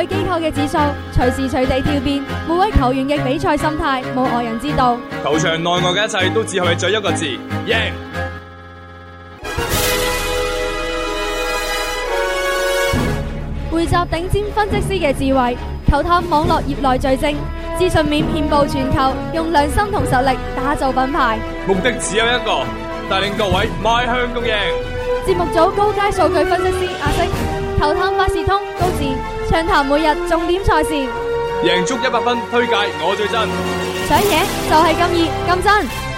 對機構的指數隨時隨地跳變，每位球員的比賽心態，冇外人知道。球場內外嘅一切，都只係最一個字:暢談每日重點賽事，贏足一百分，推介我最真，想贏就係咁易咁真。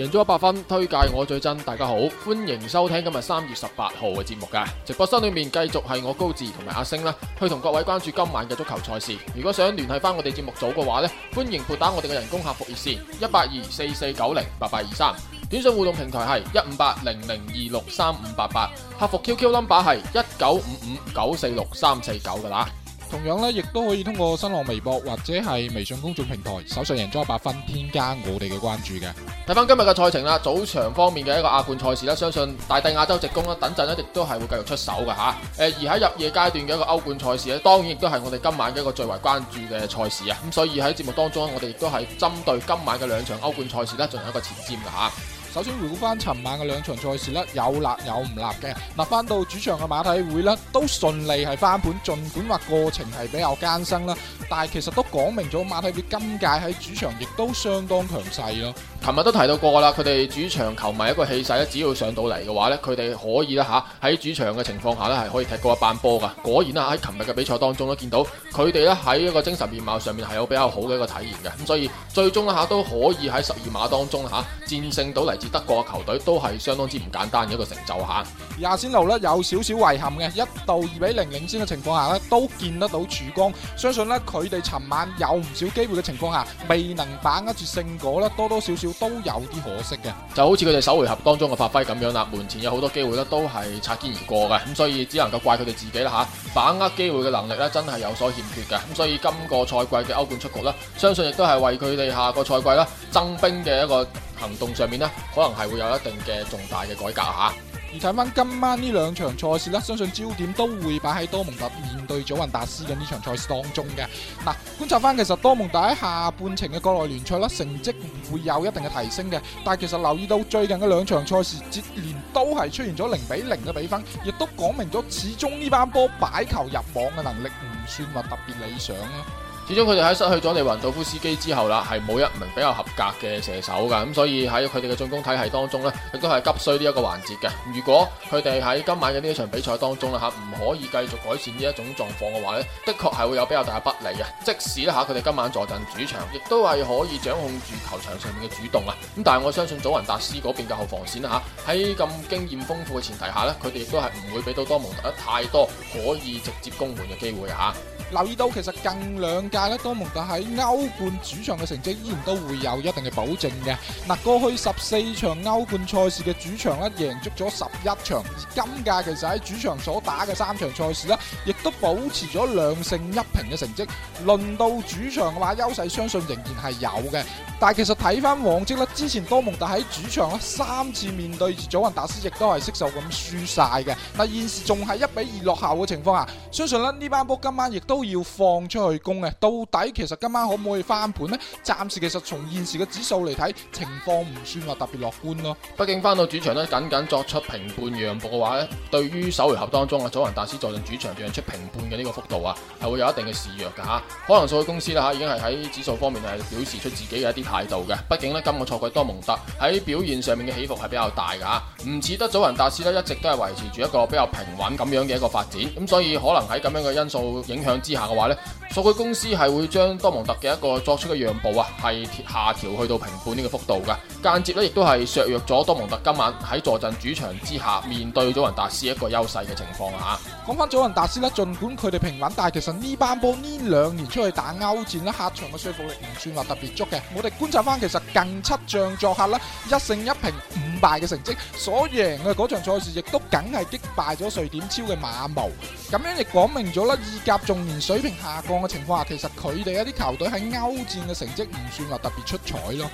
贏咗一百分，推介我最真。大家好，歡迎收聽今日三月十八號嘅節目噶直播室裏面，繼續係我高志同埋阿星啦，去同各位關注今晚嘅足球賽事。如果想聯繫翻我哋節目組嘅話咧，歡迎撥打我哋嘅人工客服熱線一八二四四九零八八二三，短信互動平台係一五八零零二六三五八八，客服 QQ number 係一九五五九四六三四九嘅啦。同樣咧，亦都可以通過新浪微博或者係微信公眾平台，搜索贏足 100FUN，添加我哋嘅關注嘅。睇翻今日嘅賽程啦，早場方面嘅一個亞冠賽事咧，相信大帝亞洲直攻啦，等陣呢亦都係會繼續出手嘅吓。誒，而喺入夜階段嘅一個歐冠賽事呢，當然亦都係我哋今晚嘅一個最為關注嘅賽事啊。咁所以喺節目當中我哋亦都係針對今晚嘅兩場歐冠賽事呢，進行一個前瞻嘅吓。首先回顧返尋晚嘅兩場賽事，呢，有辣有唔辣嘅。嗱，翻到主場嘅馬體會呢，都順利係返盤，儘管話過程係比較艱辛啦，但係其實都講明咗馬體會今屆喺主場亦都相當強勢咯。琴日都提到過啦，佢哋主場球迷一個氣勢咧，只要上到嚟嘅話咧，佢哋可以啦吓，喺主場嘅情況下咧，係可以踢過一班波噶果然啦，喺琴日嘅比賽當中都見到佢哋咧喺一個精神面貌上面係有比較好嘅一個體驗嘅。咁所以最終啦嚇都可以喺十二碼當中吓戰勝到嚟自德國嘅球隊都係相當之唔簡單嘅一個成就嚇。阿仙奴咧有少少遺憾嘅，一度二比零領先嘅情況下咧，都見得到曙光。相信咧佢哋尋晚有唔少機會嘅情況下，未能把握住勝果咧，多多少少。都有啲可惜嘅，就好似佢哋首回合當中嘅發揮咁樣啦，門前有好多機會咧，都係擦肩而過嘅，咁所以只能夠怪佢哋自己啦吓，把握機會嘅能力咧，真係有所欠缺嘅，咁所以今個賽季嘅歐冠出局啦，相信亦都係為佢哋下個賽季啦增兵嘅一個行動上面咧，可能係會有一定嘅重大嘅改革吓。而睇翻今晚呢兩場賽事咧，相信焦點都會擺喺多蒙特面對祖雲達斯嘅呢場賽事當中嘅。嗱、啊，觀察翻其實多蒙特喺下半程嘅國內聯賽咧，成績會有一定嘅提升嘅。但係其實留意到最近嘅兩場賽事接連都係出現咗零比零嘅比分，亦都講明咗始終呢班波擺球入網嘅能力唔算話特別理想啊。始終佢哋喺失去咗利雲道夫斯基之後啦，係冇一名比較合格嘅射手噶，咁所以喺佢哋嘅進攻體系當中呢，亦都係急需呢一個環節嘅。如果佢哋喺今晚嘅呢一場比賽當中啦吓，唔可以繼續改善呢一種狀況嘅話呢，的確係會有比較大嘅不利嘅。即使咧吓，佢哋今晚坐鎮主場，亦都係可以掌控住球場上面嘅主動啊。咁但係我相信祖雲達斯嗰邊嘅後防線啦吓，喺咁經驗豐富嘅前提下呢，佢哋亦都係唔會俾到多蒙特太多可以直接攻門嘅機會啊。留意到其實近兩屆咧，多蒙特喺歐冠主場嘅成績依然都會有一定嘅保證嘅。嗱，過去十四場歐冠賽事嘅主場咧，贏足咗十一場，而今屆其實喺主場所打嘅三場賽事咧，亦都保持咗兩勝一平嘅成績，輪到主場嘅話優勢相信仍然係有嘅。但係其實睇翻往績咧，之前多蒙特喺主場咧三次面對住祖雲達斯，亦都係失手咁輸晒嘅。嗱，現時仲係一比二落後嘅情況下，相信咧呢班波今晚亦都。都要放出去攻嘅，到底其實今晚可唔可以翻盤呢？暫時其實從現時嘅指數嚟睇，情況唔算話特別樂觀咯、哦。畢竟翻到主場呢，僅僅作出平半讓步嘅話呢，對於首回合當中啊，祖雲達斯坐進主場作出平半嘅呢個幅度啊，係會有一定嘅示弱嘅吓、啊。可能數據公司啦吓，已經係喺指數方面係表示出自己嘅一啲態度嘅。畢竟呢，今個賽季多蒙特喺表現上面嘅起伏係比較大嘅吓、啊，唔似得祖雲達斯呢，一直都係維持住一個比較平穩咁樣嘅一個發展。咁所以可能喺咁樣嘅因素影響之。之下嘅話呢，數據公司係會將多蒙特嘅一個作出嘅讓步啊，係下調去到平半呢個幅度噶，間接咧亦都係削弱咗多蒙特今晚喺坐鎮主場之下面對祖雲達斯一個優勢嘅情況下，講翻祖雲達斯呢，儘管佢哋平穩，但係其實呢班波呢兩年出去打歐戰咧，客場嘅說服力唔算話特別足嘅。我哋觀察翻，其實近七仗作客咧一勝一平，敗嘅成績，所贏嘅嗰場賽事亦都梗係擊敗咗瑞典超嘅馬毛，咁樣亦講明咗啦，意甲近年水平下降嘅情況下，其實佢哋一啲球隊喺歐戰嘅成績唔算話特別出彩咯，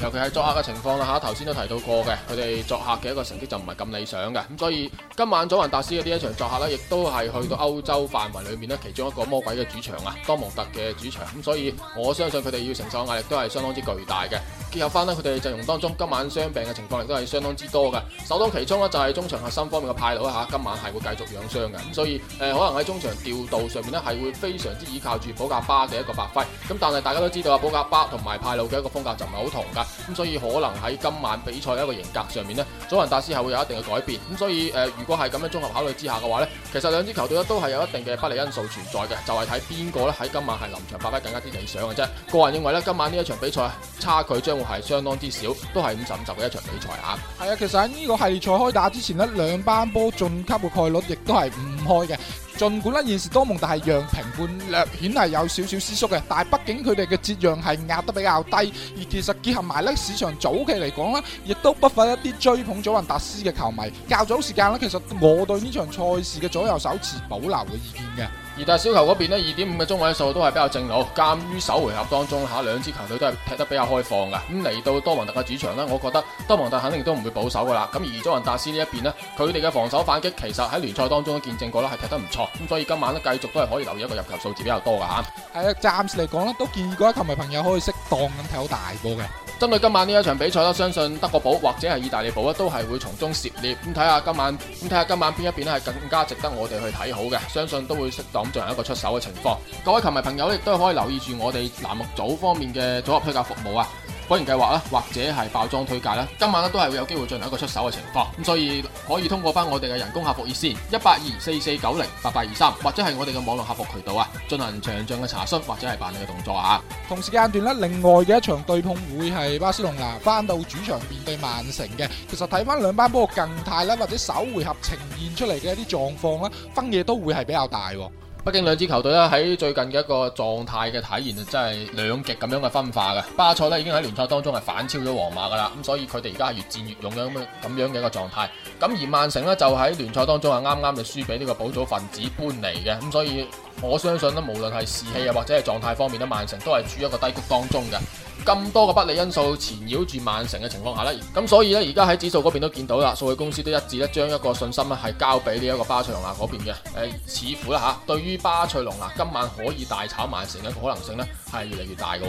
尤其係作客嘅情況啦吓，頭先都提到過嘅，佢哋作客嘅一個成績就唔係咁理想嘅，咁所以今晚祖雲達斯嘅呢一場作客呢，亦都係去到歐洲範圍裏面呢，其中一個魔鬼嘅主場啊，多蒙特嘅主場，咁所以我相信佢哋要承受壓力都係相當之巨大嘅。結合翻呢，佢哋陣容當中今晚傷病嘅情況亦都係相當之多嘅。首當其衝呢，就係中場核心方面嘅派魯啊，今晚係會繼續養傷嘅。咁所以誒、呃，可能喺中場調度上面呢，係會非常之倚靠住保加巴嘅一個發揮。咁但係大家都知道啊，保加巴同埋派魯嘅一個風格就唔係好同㗎。咁所以可能喺今晚比賽嘅一個型格上面呢，祖雲達斯係會有一定嘅改變。咁所以誒、呃，如果係咁樣綜合考慮之下嘅話呢，其實兩支球隊咧都係有一定嘅不利因素存在嘅，就係睇邊個咧喺今晚係臨場發揮更加之理想嘅啫。個人認為咧，今晚呢一場比賽差距將都係相當之少，都係五十五集嘅一場比賽啊！係啊，其實喺呢個系列賽開打之前呢，兩班波晉級嘅概率亦都係唔開嘅。儘管呢現時多蒙特係讓平半略顯係有少少思縮嘅。但係畢竟佢哋嘅折讓係壓得比較低，而其實結合埋呢市場早期嚟講咧，亦都不乏一啲追捧祖雲達斯嘅球迷。較早時間呢，其實我對呢場賽事嘅左右手持保留嘅意見嘅。而大小球嗰邊呢，二點五嘅中位數都係比較正路。鑒於首回合當中吓，兩支球隊都係踢得比較開放嘅。咁嚟到多蒙特嘅主場呢，我覺得多蒙特肯定都唔會保守噶啦。咁而祖雲達斯呢一邊呢，佢哋嘅防守反擊其實喺聯賽當中都見證過啦，係踢得唔錯。咁所以今晚呢，繼續都係可以留意一個入球數字比較多噶吓。係啊，暫時嚟講咧，都建議嗰啲球迷朋友可以適當咁睇好大波嘅。針對今晚呢一場比賽咧，相信德國寶或者係意大利寶咧，都係會從中涉獵。咁睇下今晚，咁睇下今晚邊一邊咧係更加值得我哋去睇好嘅，相信都會適當進行一個出手嘅情況，各位球迷朋友亦都可以留意住我哋欄目組方面嘅組合推介服務啊，火炎計劃啦，或者係爆莊推介啦，今晚咧都係會有機會進行一個出手嘅情況，咁所以可以通過翻我哋嘅人工客服熱線一八二四四九零八八二三，或者係我哋嘅網絡客服渠道啊，進行詳盡嘅查詢或者係辦理嘅動作啊。同時間段呢，另外嘅一場對碰會係巴斯隆拿翻到主場面對曼城嘅，其實睇翻兩班波個近態啦，或者首回合呈現出嚟嘅一啲狀況啦，分嘢都會係比較大。畢竟兩支球隊咧喺最近嘅一個狀態嘅體現啊，真係兩極咁樣嘅分化嘅。巴塞咧已經喺聯賽當中係反超咗皇馬噶啦，咁所以佢哋而家係越戰越勇嘅咁樣嘅一個狀態。咁而曼城呢，就喺聯賽當中啊啱啱就輸俾呢個保組分子般尼嘅，咁所以。我相信咧，無論係士氣啊，或者係狀態方面咧，曼城都係處於一個低谷當中嘅。咁多個不利因素纏繞住曼城嘅情況下咧，咁所以咧，而家喺指數嗰邊都見到啦，數據公司都一致咧，將一個信心咧係交俾呢一個巴塞隆拿嗰邊嘅。誒、呃，似乎啦嚇，對於巴塞隆拿，今晚可以大炒曼城嘅可能性咧，係越嚟越大嘅。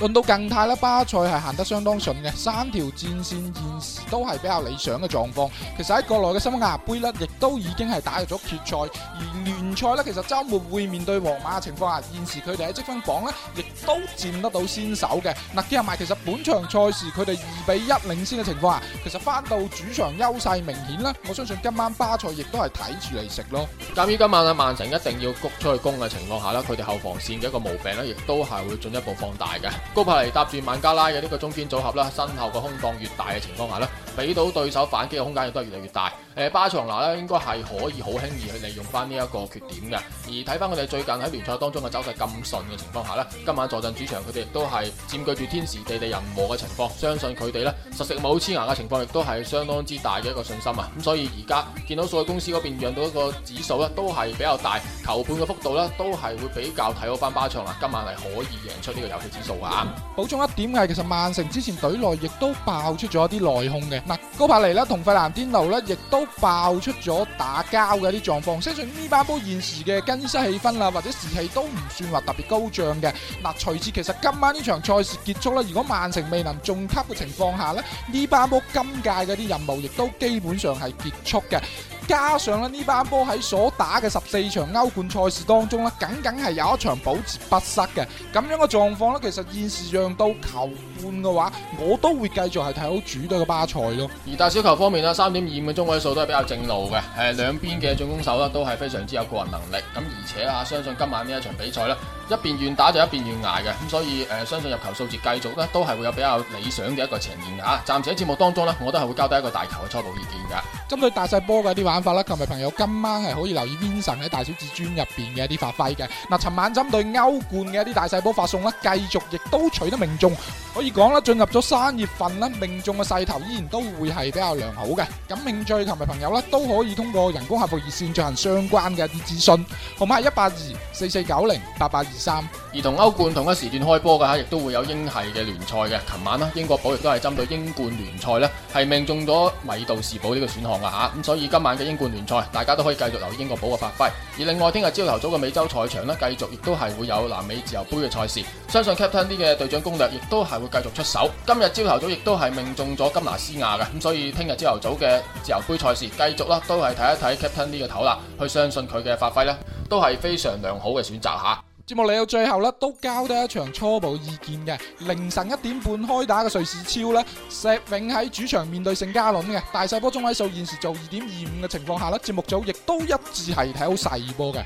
論到近態啦，巴塞係行得相當順嘅，三條戰線現時都係比較理想嘅狀況。其實喺國內嘅西班牙杯咧，亦都已經係打入咗決賽。而聯賽呢，其實周末會面對皇馬嘅情況下，現時佢哋喺積分榜呢，亦都佔得到先手嘅。嗱，加埋其實本場賽事佢哋二比一領先嘅情況下，其實翻到主場優勢明顯啦。我相信今晚巴塞亦都係睇住嚟食咯。鑑於今晚啊，曼城一定要谷出去攻嘅情況下啦，佢哋後防線嘅一個毛病呢，亦都係會進一步放大嘅。高柏尼搭住曼加拉嘅呢個中堅組合啦，身後個空檔越大嘅情況下咧。俾到對手反擊嘅空間亦都係越嚟越大。誒巴場拿咧應該係可以好輕易去利用翻呢一個缺點嘅。而睇翻佢哋最近喺聯賽當中嘅走勢咁順嘅情況下咧，今晚坐鎮主場佢哋亦都係佔據住天時地利人和嘅情況，相信佢哋咧實食冇黐牙嘅情況亦都係相當之大嘅一個信心啊！咁所以而家見到所有公司嗰邊讓到一個指數咧都係比較大，球盤嘅幅度咧都係會比較睇好翻巴場拿。今晚係可以贏出呢個遊戲指數嚇。補充一點係，其實曼城之前隊內亦都爆出咗一啲內訌嘅。嗱，高柏尼呢同費蘭天奴呢亦都爆出咗打交嘅啲狀況。相信呢班波現時嘅更衣室氣氛啦，或者士氣都唔算話特別高漲嘅。嗱，隨之其實今晚呢場賽事結束咧，如果曼城未能晉級嘅情況下呢，呢班波今屆嘅啲任務亦都基本上係結束嘅。加上咧，呢班波喺所打嘅十四場歐冠賽事當中呢，僅僅係有一場保持不失嘅，咁樣嘅狀況呢，其實現時讓到球半嘅話，我都會繼續係睇好主隊嘅巴塞咯。而大小球方面呢，三點二五嘅中位數都係比較正路嘅。誒、呃，兩邊嘅進攻手呢都係非常之有個人能力。咁而且啊，相信今晚呢一場比賽呢，一邊願打就一邊願挨嘅。咁所以誒、呃，相信入球數字繼續呢，都係會有比較理想嘅一個呈現嘅，啊。暫時喺節目當中呢，我都係會交低一個大球嘅初步意見嘅。針對大細波嘅一啲玩法啦，琴日朋友，今晚係可以留意 Vincent 喺大小至尊入邊嘅一啲發揮嘅。嗱，尋晚針對歐冠嘅一啲大細波發送呢，繼續亦都取得命中，可以講啦，進入咗三月份呢，命中嘅勢頭依然都會係比較良好嘅。咁，感興趣琴日朋友呢都可以通過人工客服熱線進行相關嘅一啲諮詢，號碼係一八二四四九零八八二三。而同歐冠同一時段開波嘅吓，亦都會有英系嘅聯賽嘅。尋晚啦，英國寶亦都係針對英冠聯賽咧，係命中咗米杜士堡呢個選項。咁、啊、所以今晚嘅英冠聯賽，大家都可以繼續留意英國寶嘅發揮。而另外，聽日朝頭早嘅美洲賽場呢，繼續亦都係會有南美自由杯嘅賽事。相信 Captain D 嘅隊長攻略亦都係會繼續出手。今日朝頭早亦都係命中咗金拿斯亞嘅，咁所以聽日朝頭早嘅自由杯賽事，繼續啦，都係睇一睇 Captain D 嘅頭啦，去相信佢嘅發揮呢都係非常良好嘅選擇吓。節目嚟到最後啦，都交得一場初步意見嘅凌晨一點半開打嘅瑞士超呢，石永喺主場面對聖加倫嘅大細波中位數現時做二點二五嘅情況下呢，節目組亦都一致係睇好細波嘅。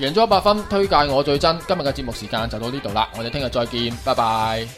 贏足 100FUN 推介我最真，今日嘅節目時間就到呢度啦，我哋聽日再見，拜拜。